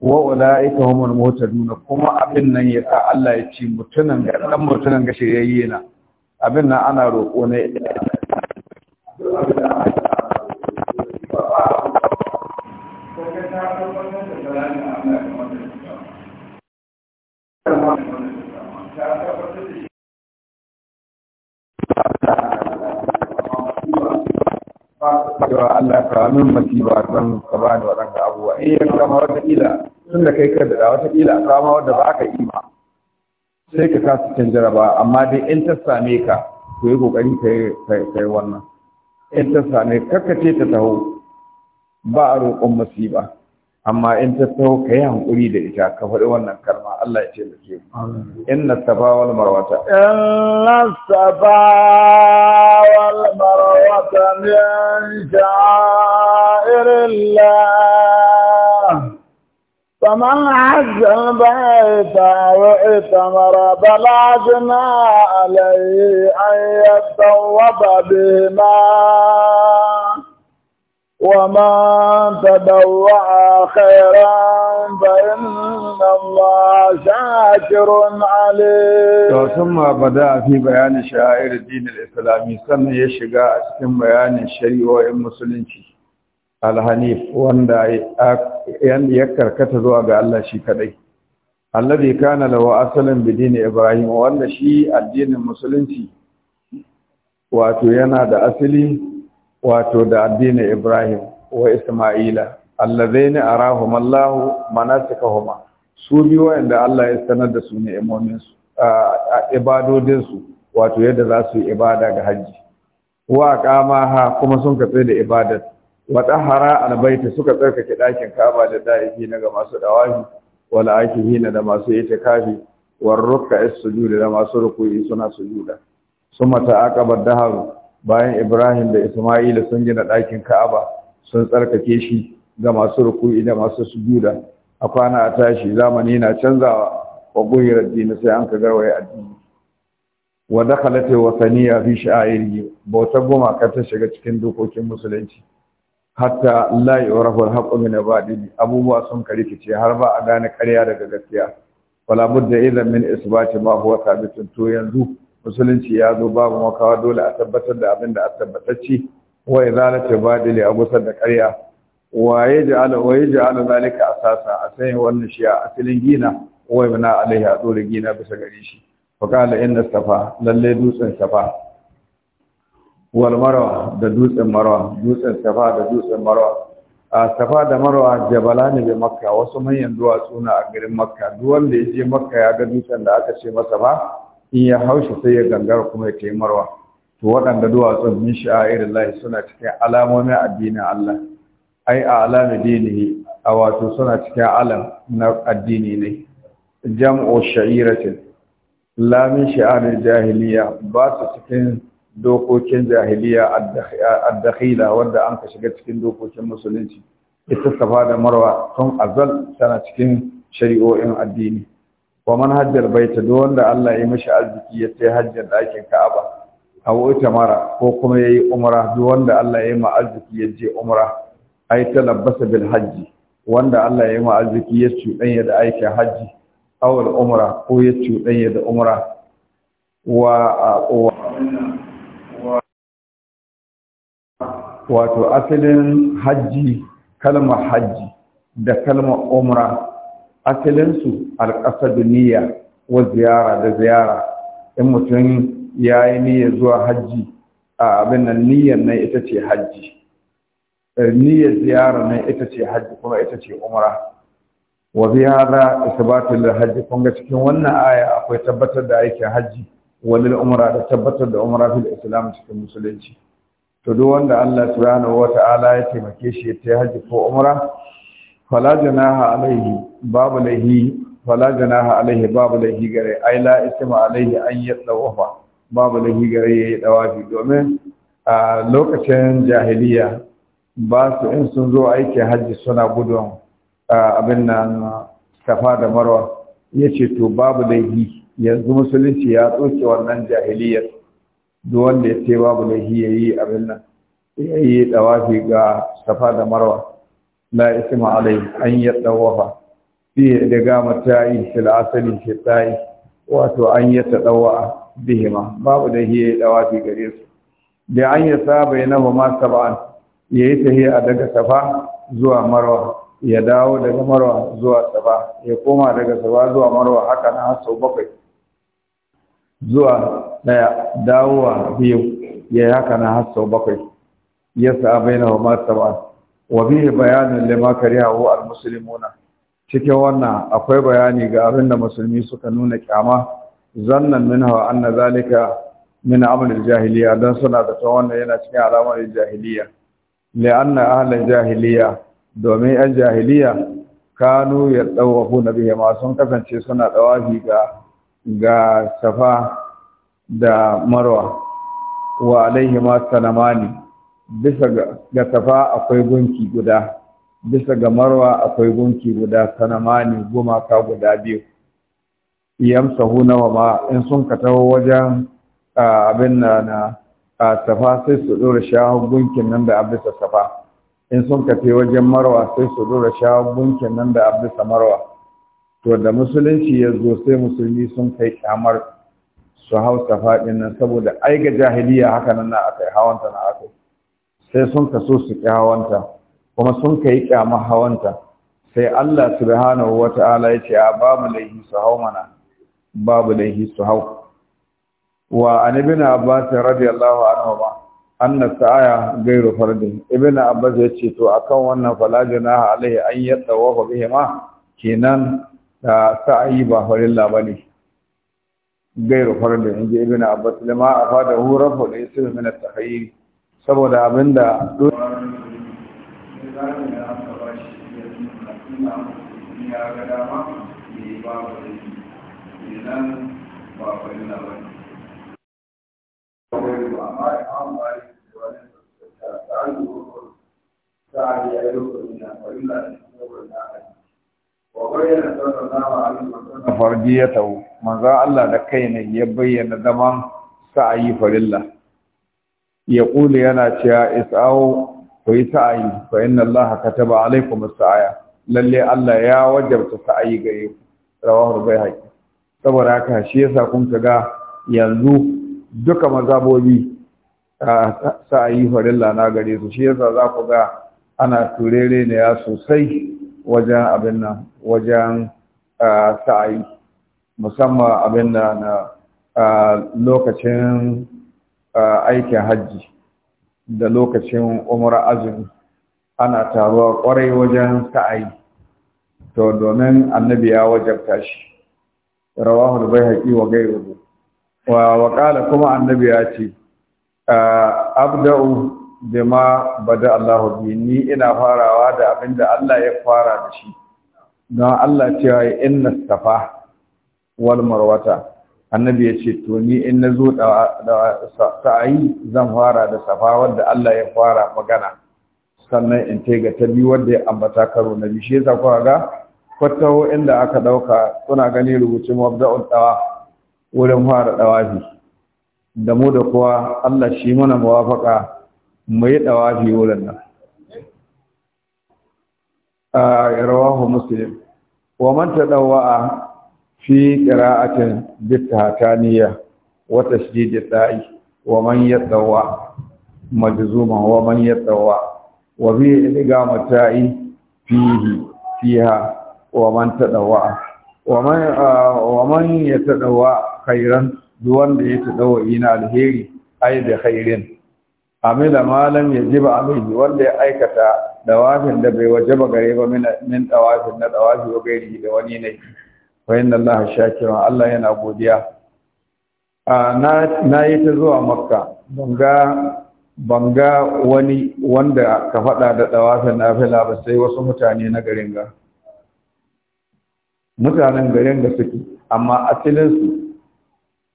wa ula'ika humul muhtadun kuma abin nan ya sa Allah ya ce mutunan ga dan mutunan ga shiryayye na abin nan ana roƙo ne Thank cewa Allah ka min masiba zan ka ba ni waɗanda abubuwa in ya kama wata ila, tun da kai ka da wata ila kama wadda ba ka yi ma sai ka kasa kan jaraba amma dai in ta same ka to yi ƙoƙari ka yi wannan in ta same ka ce ta taho ba a roƙon masiba amma in ta so ka yi hankuri da ita ka faɗi wannan kalma Allah ya ce da ke inna safa wal marwata inna safa wal marwata min sha'irillah فمن عز البيت واعتمر فلا جناح عليه ان يتوب بهما ومن تدوع خيرا فإن الله شاكر عليم fi bayanin في بيان شعائر sannan ya shiga يشغى أسكن بيان الشريعة المسلمين alhanif wanda ya karkata zuwa ga Allah shi kadai alladhi kana lahu asalin bidini ibrahim wanda shi addinin musulunci wato yana da asali wato da addinin Ibrahim wa Isma'ila allazaini arahum Allah manasikahuma su biyu wanda Allah ya sanar da su ne imomin su ibadodin su wato yadda za su yi ibada ga hajji. wa kama ha kuma sun katse da ibadar wa tahara albaita suka tsarkake ɗakin Ka'aba da da'ifi na ga masu dawahi wal na da masu itikafi war ruk'a as da masu ruku'i suna sujuda summa ta'aqaba daharu bayan Ibrahim da Isma'ila sun gina ɗakin Ka'aba sun tsarkake shi ga masu ruku'i da masu sujuda a kwana a tashi zamani na canzawa wa guhira addini sai an ka ga garwaye addini wa wa saniya fi sha'iri bauta goma ka ta shiga cikin dokokin musulunci hatta la yu'rafu na haqqu min abubuwa sun rikice har ba a gane ƙarya daga gaskiya wala budda idan min isbati ma huwa thabitun to yanzu musulunci ya zo babu makawa dole a tabbatar da abin da a tabbatar wa izalati badili a gusar da ƙarya wa yaj'alu wa yaj'alu zalika asasa a sanya wannan shi a asalin gina wa ibna alaihi a dole gina bisa gare shi fa qala inna safa lalle dutsen safa wal da dutsen marwa dutsen safa da dutsen marwa a safa da marwa jabala ne makka wasu manyan duwatsu na a garin makka duk wanda ya je makka ya ga dutsen da aka ce masa ba in ya haushe sai ya gangara kuma ya marwa. to waɗanda duwatsun min sha'irin lahi suna cikin alamomin addinin Allah ai a alamin dini a wato suna cikin alam na addini ne jam'u sha'iratin lamin min sha'irin jahiliya ba su cikin dokokin jahiliya addakhila wanda an ka shiga cikin dokokin musulunci ita safa da marwa tun azal tana cikin shari'o'in addini wa man hajjal baita duk wanda Allah ya mishi arziki ya tai hajjar dakin Ka'aba aw mara ko kuma yayi umra duk wanda Allah ya ma arziki ya je umra ay talabbasa bil hajji wanda Allah ya ma arziki ya cuɗanya da aikin hajji aw umra ko ya cuɗanya da umra wa wato asalin hajji kalmar hajji da kalmar umra asalinsu alƙasadu Duniya wa ziyara da ziyara in mutum ya yi niyyar zuwa hajji a abin nan niyyar nan ita ce hajji eh, niyyar ziyara nan ita ce hajji kuma ita ce umara. wa bi hadha isbatu hajji kun ga cikin wannan aya akwai tabbatar da aikin hajji wa lil umra da tabbatar da umra fil islam cikin musulunci to duk wanda Allah subhanahu ta'ala ya taimake shi ya yi hajji ko umra fala janaha alaihi babu lahi fala janaha alaihi babu lahi gare ai la isma alaihi an yadawafa babu lahi gare yayi dawafi domin lokacin jahiliya ba in sun zo aiki hajji suna gudun abin nan safa da marwa yace to babu lahi yanzu musulunci ya tsoke wannan jahiliyar duk wanda ya ce babu lahi yayi abin nan yayi dawafi ga safa da marwa la isma alayhi an yatawafa fi idgama ta'i fil asali fi yi wato an yatawa bihima babu da hiye dawa fi gare su da an yasa ma sab'an yayi a daga safa zuwa marwa ya dawo daga marwa zuwa saba ya koma daga saba zuwa marwa haka na sau bakwai zuwa daya dawowa biyu ya yi haka na sau bakwai ya sa bai na homa wa bihi bayanin lima kare al-muslimuna cikin wannan akwai bayani ga abin da musulmi suka nuna kyama zannan minha anna zalika min amrul jahiliya dan suna da ta wannan yana cikin alamar jahiliya li'anna ahlul jahiliya domin yan jahiliya kanu yadawafu nabiyyi ma sun kasance suna dawafi ga ga safa da marwa wa alaihi ma sanamani bisa ga safa akwai gunki guda bisa ga marwa akwai gunki guda sanamani gumaka guda biyu sahu nawa ma in sun ka taho wajen abin na na safa sai su dora shawar gunkin nan da abisa safa in sun ka tafi wajen marwa sai su dora shawar gunkin nan da abisa marwa to da musulunci ya zo sai musulmi sun kai kyamar su hau safa nan saboda ai ga jahiliya haka nan na akai hawanta na akai sai sun so su kyawanta kuma sun yi kyama hawanta sai Allah subhanahu ta'ala ya ce a babu laihi su hau mana babu laihi su hau wa an ibn abbas radiyallahu anhu ba anna sa'aya gairu fardin ibn abbas ya ce to akan wannan fala alaihi an yatawafa bihima kenan da sa'ayi ba farilla bane gairu fardin inji ibn abbas lama afada hu rafu da yusuf min at-takhayyur saboda abin da farji ya tau manzan Allah da kai ne ya bayyana zaman sa'ayi farilla ya ƙuli yana cewa isa'u ko yi sa'ayi fa inna Allah kataba alaikum as-sa'a lalle Allah ya wajabta sa'ayi gare ku rawahu bayhaqi saboda haka shi yasa kun ga yanzu duka mazabobi sa'ayi farilla na gare su shi yasa za ku ga ana turere ne ya sosai wajen abin nan wajen sa'ayi musamman abin nan na lokacin aikin hajji da lokacin umar azumi ana taruwa kwarai wajen sa'ayi to domin annabi ya wajabta shi rawahu al-baihaqi wa ghayruhu wa wa qala kuma annabi ya ce abda'u bima bada Allahu bi ni ina farawa da abinda Allah ya fara da shi don Allah cewa inna safa walmar wata. annabi ya ce to ni in na zo da yi zan fara da safa wadda Allah ya fara magana sannan in tega ta biyu wadda ya ambata karo na biyu shi yasa ga kwataho inda aka ɗauka suna gani rubucin mabda'ul dawa wurin fara dawafi da mu da kuwa Allah shi mana mawafaka mu yi dawafi wurin nan a ah, rawahu muslim wa man tadawwa fi qira'atin bitataniya wa tashdid da'i wa man yatawa majzuma wa man yatawa wa bi idgham ta'i fihi fiha wa man tadawa wa man wa man yatadawa khairan wanda ya tadawa ina alheri ai da khairin amila malam ya ji ba alayhi wanda ya aikata dawafin da bai waje ba gare ba min dawafin na dawafi wa gairi da wani ne wa inna Allah shakirun Allah yana godiya a na yi ta zuwa makka banga banga wani wanda ka faɗa da ɗawafin nafila ba sai wasu mutane na garin ga mutanen garin ga suke amma asilinsu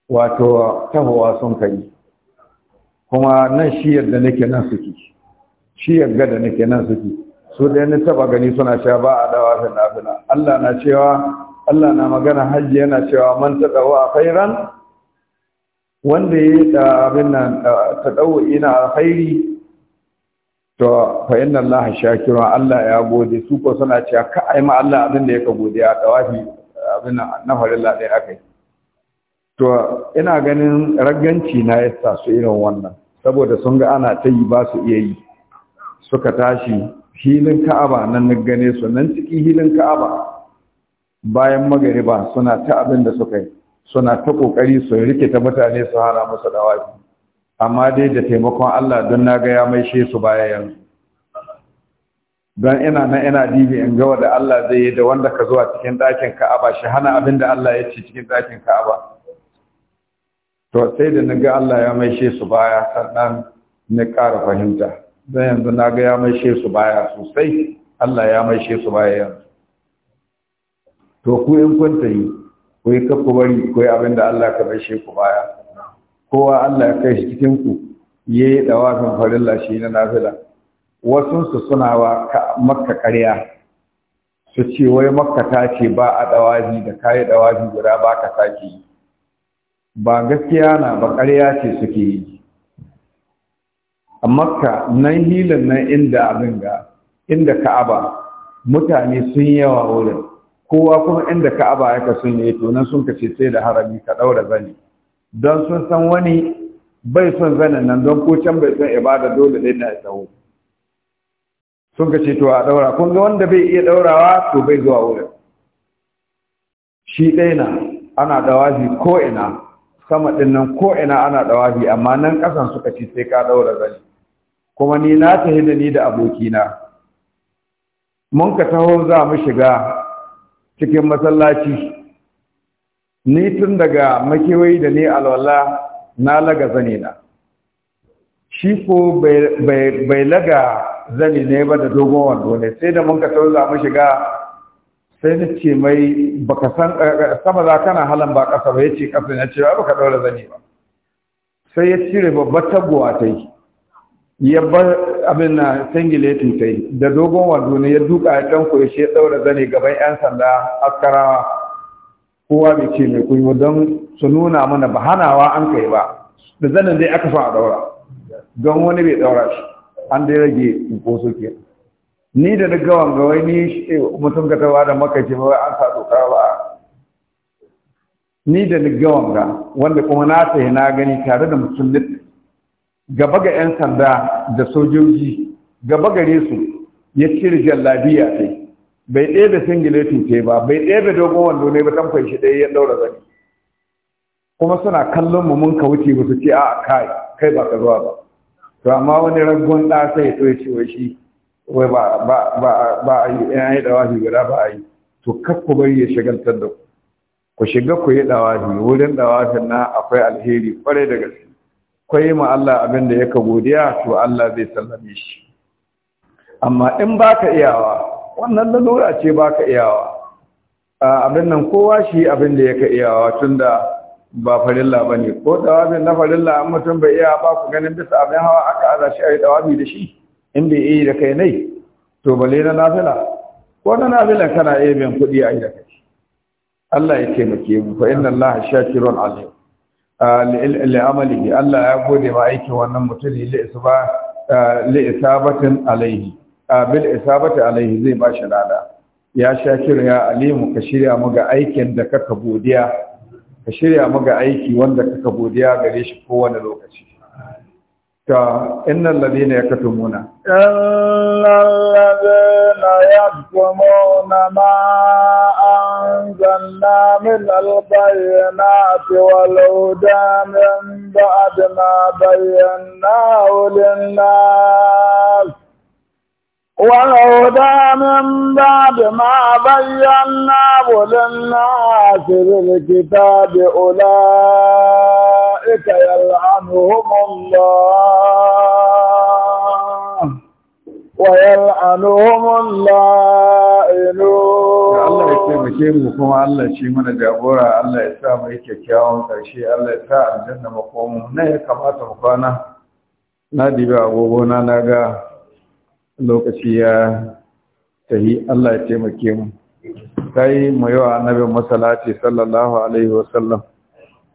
wato tahowa sun kai kuma nan shi yadda nake nan suke shi yadda da nake nan suke su da ni taba gani suna sha ba a na nafila Allah na cewa Allah na magana hajji yana cewa man a khairan wanda ya ah, abin nan ah, tadawu ina alkhairi to fa inna Allah kiran, Allah ya gode su ko suna cewa ka ai ma Allah abin da yake a tawafi abin nan na farilla dai akai to ina ganin raganci na yasa su irin wannan saboda sun ga ana ta yi ba su iya yi suka tashi hilin ka'aba nan na gane su nan ciki hilin ka'aba bayan magariba suna ta abin da suka yi suna ta kokari su rike ta mutane su hana musu dawaki amma dai da taimakon Allah don na ga ya maishe su baya yanzu don ina na ina dibi in ga da Allah zai yi da wanda ka zuwa cikin ɗakin Ka'aba shi hana abin da Allah ya ce cikin ɗakin Ka'aba to sai da naga Allah ya maishe su baya sannan na ƙara fahimta don yanzu na ga ya maishe su baya sosai Allah ya maishe su baya yanzu to ku in kun tayi ku yi kafa bari ku yi abin da Allah ka bashe ku baya kowa Allah ya kai shi cikin ku yayi dawafin farilla shi na nafila wasu su suna wa makka ƙarya su ce wai makka ta ce ba a dawafi da ka yi dawafi guda ba ka sake yi ba gaskiya na ba ƙarya ce suke yi a makka nan hilin nan inda abin ga inda ka'aba mutane sun yawa wurin kowa kuma inda ka'aba ya kasu ne to nan sun kace sai da harami ka daura zani don sun san wani bai son zanen nan don ko can bai son ibada dole ne na tsawo sun kace to a daura kun ga wanda bai iya daurawa to bai zuwa wurin shi ɗaya na ana dawahi ko ina sama ɗin nan ko ina ana dawahi amma nan ƙasan suka ce sai ka daura zani kuma ni na ta hidda ni da abokina mun ka taho za mu shiga cikin masallaci ni tun daga makewayi da ni alwala na laga zane na shi ko bai laga zane ne ba da dogon wando ne sai da mun ka tauza mu shiga sai na ce mai baka san eh, eh, sama za kana halan ba kasa ba ya ce kasa na ce ba ka daura zane ba sai ya cire babbar taguwa ta yi ya bar abin na singiletin ta yi da dogon wando ne ya duka ya ɗan kurshe ɗaura zane gaban 'yan sanda askarawa kowa bai ce mai kuyi don su nuna mana ba hanawa an kai ba da zanen dai aka fa a daura. don wani bai daura shi an dai rage koso ke ni da daga wanga wai ni eh, mutum ka tawa da maka ce ba an sa doka ba ni da daga wanga wanda kuma na sai na gani tare da mutum gaba ga 'yan sanda da sojoji gaba gare su ya cire jallabiya sai bai ɗebe singileti ce ba bai ɗebe dogon wando ne ba tamfai shi ɗaya ya ɗaura zani kuma suna kallon mu mun ka wuce ba su ce a kai kai ba ka zuwa ba to amma wani ragon ɗa sai ya tsoye cewa shi wai ba ba ba ba a yi ɗan yi ɗawafi guda ba a yi to kar ku bari ya shagaltar da ku ku shiga ku yi ɗawafi wurin ɗawafin na akwai alheri kwarai da gaske kwai ma Allah abin da yaka godiya to Allah zai sallame shi amma in baka iyawa wannan lalura ce baka iyawa abin nan kowa shi abin da yaka iyawa tunda ba farilla bane ne ko dawabin na farilla an mutum bai iya ba ku ganin bisa abin hawa aka aza shi a yi dawabi da shi in bai iya da kai nai to bale na nafila ko na nafila kana iya bin kuɗi a yi da kai Allah ya taimake mu fa inna Allah shakirun alim li'amalihi Allah ya gode ma aikin wannan mutum li'isabatin alaihi bil isabati alaihi zai ba shi lada ya shakiru ya alimu ka shirya mu ga aikin da kaka godiya ka shirya mu ga aiki wanda kaka godiya gare shi kowane lokaci ya inna ladina yaktumuna inna na yaktumuna ma anzalna min al-bayyinati wal huda min ba'd ma bayyana lin-nas وَلَوْلَا مِنْ بَعْدِ مَا بَيَّنَّا لِلنَّاسِ فِي الْكِتَابِ أُولَٰئِكَ ذلك يلعنهم الله ويلعنهم اللائنون الله يتمكي بكم الله شي من جابورا الله يسا مي كيكاون قرشي الله يسا الجنة مقوم Allah ya kamata mu kwana na dibi agogona na ga lokaci ya Allah ya taimake mu sai mu yi wa annabin masalati sallallahu alaihi wasallam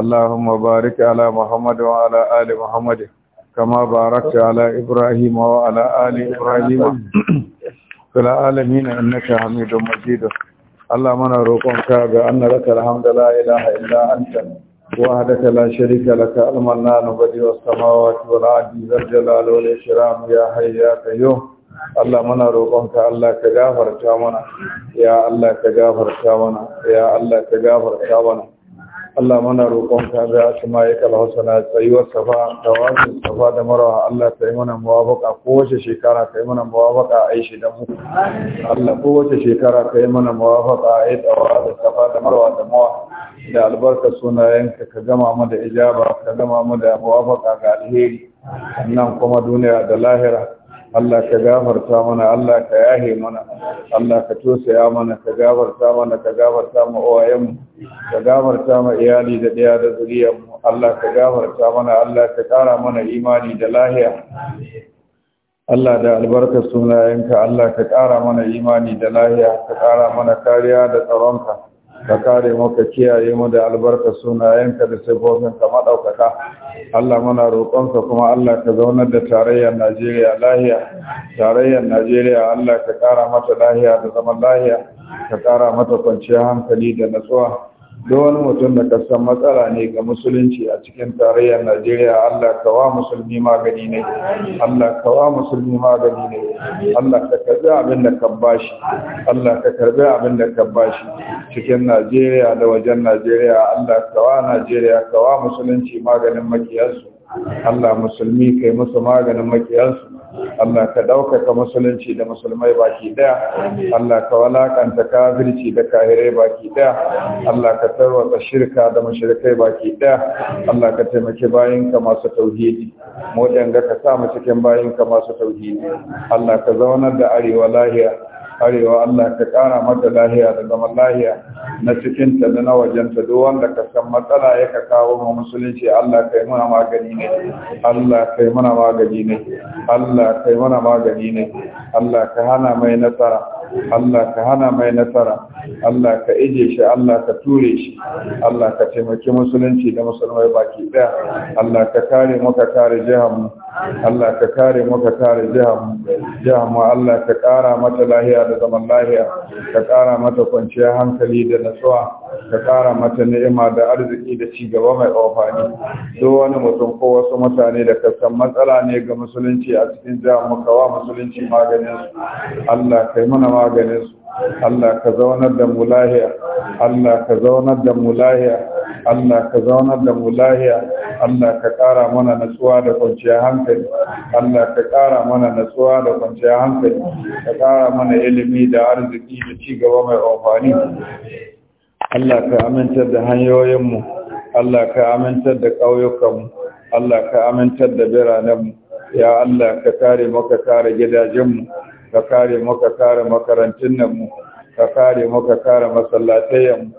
اللهم بارك على محمد وعلى آل محمد كما باركت على إبراهيم وعلى آل إبراهيم في العالمين إنك حميد مجيد اللهم انا روقك بان لك الحمد لا اله الا انت وحدك لا شريك لك المنان بديع السماوات والارض ذو الجلال والاكرام يا حي يا قيوم اللهم انا روقك الله كغفر تامنا يا الله كغفر تامنا يا الله كغفر تامنا Allah mana roƙon ka da su ma yaka lausana tsayuwar safa da wasu safa da marawa Allah ta yi mana ko wace shekara ka yi mana muwafaka a yi shi da mu Allah wace shekara ka yi mana muwafaka a yi tsawa da safa da marawa da mawa da albarka sunayenka ka gama mu da ijaba ka gama mu da muwafaka ga alheri nan kuma duniya da lahira Allah ka gafarta mana Allah ka yahe mana Allah ka tosaya mana ka gafarta mana ka gafarta mu uwayen ka gafarta mu iyali da daya da zuriyar mu Allah ka gafarta mana Allah ka kara mana imani da lahiya Allah da albarkar sunayenka Allah ka kara mana imani da lahiya ka kara mana kariya da tsaronka ka kare mu ka kiyaye mu da albarkar sunayenka da ka madaukaka Allah muna roƙonka kuma Allah ka zaunar da tarayyar Najeriya lahiya tarayyar Najeriya Allah ka ƙara mata lahiya da zaman lahiya ka ƙara mata kwanciyar hankali da natsuwa da wani mutum da san matsala ne ga musulunci a cikin tarayyar Najeriya Allah ka wa musulmi magani ne Allah ka wa musulmi magani ne Allah ka karbi abin da ka bashi Allah ka karbi abin da ka bashi cikin Najeriya da wajen Najeriya Allah ka wa Najeriya ka wa musulunci maganin makiyansu Allah musulmi kai musu maganin makiyansu Allah ka ɗaukaka musulunci da musulmai baki ɗaya Allah ka walakanta kafirci da kahirai baki ɗaya Allah ka tarwata shirka da mushrikai baki ɗaya Allah ka taimaki bayinka masu tauhidi mu ɗanga ka sa mu cikin bayinka masu tauhidi Allah ka zaunar da arewa lahiya arewa Allah ka ƙara mata lahiya da zaman lahiya na cikin ta da na wajen ta duk wanda ka san matsala ya ka kawo mu musulunci Allah kai muna magani ne Allah kai muna magani ne Allah kai muna magani ne Allah ka hana mai nasara Allah ka hana mai nasara Allah ka ije shi Allah ka ture shi Allah ka taimaki musulunci da musulmai baki daya Allah ka kare mu ka kare jihar mu Allah ka kare mu ka kare jihar mu Allah ka kara mata lahiya da zaman lahiya ka kara mata kwanciyar hankali da nasuwa ka kara mata ni'ima da arziki da ci gaba mai amfani duk wani mutum ko wasu mutane da ka san matsala ne ga musulunci a cikin jihar mu kawa musulunci maganin su Allah kai mana maganin su Allah ka zaunar da mu lahiya Allah ka zaunar da mu lahiya Allah ka zaunar da mu lahiya Allah ka ƙara mana nutsuwa da kwanciyar hankali Allah ka ƙara mana nutsuwa da kwanciyar hankali ka ƙara mana ilimi da arziki da ci gaba mai amfani Allah ka amintar da hanyoyinmu Allah ka amintar da mu Allah ka amintar da biranenmu ya Allah ka kare maka kare gidajenmu ka kare mu ka kare makarantun nan mu ka kare mu ka kare masallatayen mu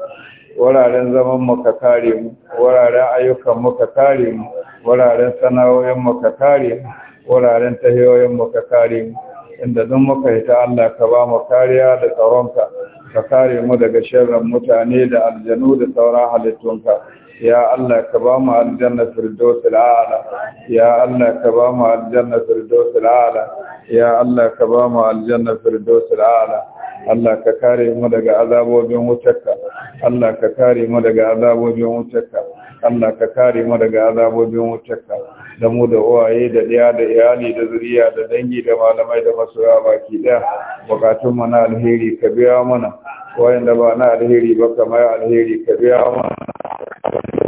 wuraren zaman mu ka kare mu wuraren ayyukan mu ka kare mu wuraren sana'o'in mu ka kare mu wuraren tahiyoyin mu ka kare mu inda duk muka yi ta Allah ka ba mu kariya da tsaronka ka kare mu daga sharrin mutane da aljanu da sauran halittunka ya Allah ka ba mu aljanna firdausul a'la ya Allah ka ba mu aljanna firdausul a'la ya Allah ka ba mu aljanna firdausul a'la Allah ka kare mu daga azabobin wutarka Allah ka kare mu daga azabobin wutarka Allah ka kare mu daga azabobin wutarka da mu da uwaye da ɗaya da iyali da zuriya da dangi da malamai da masoya baki ɗaya bukatun mu na alheri ka biya mana wayanda ba na alheri ba kamar alheri ka biya mana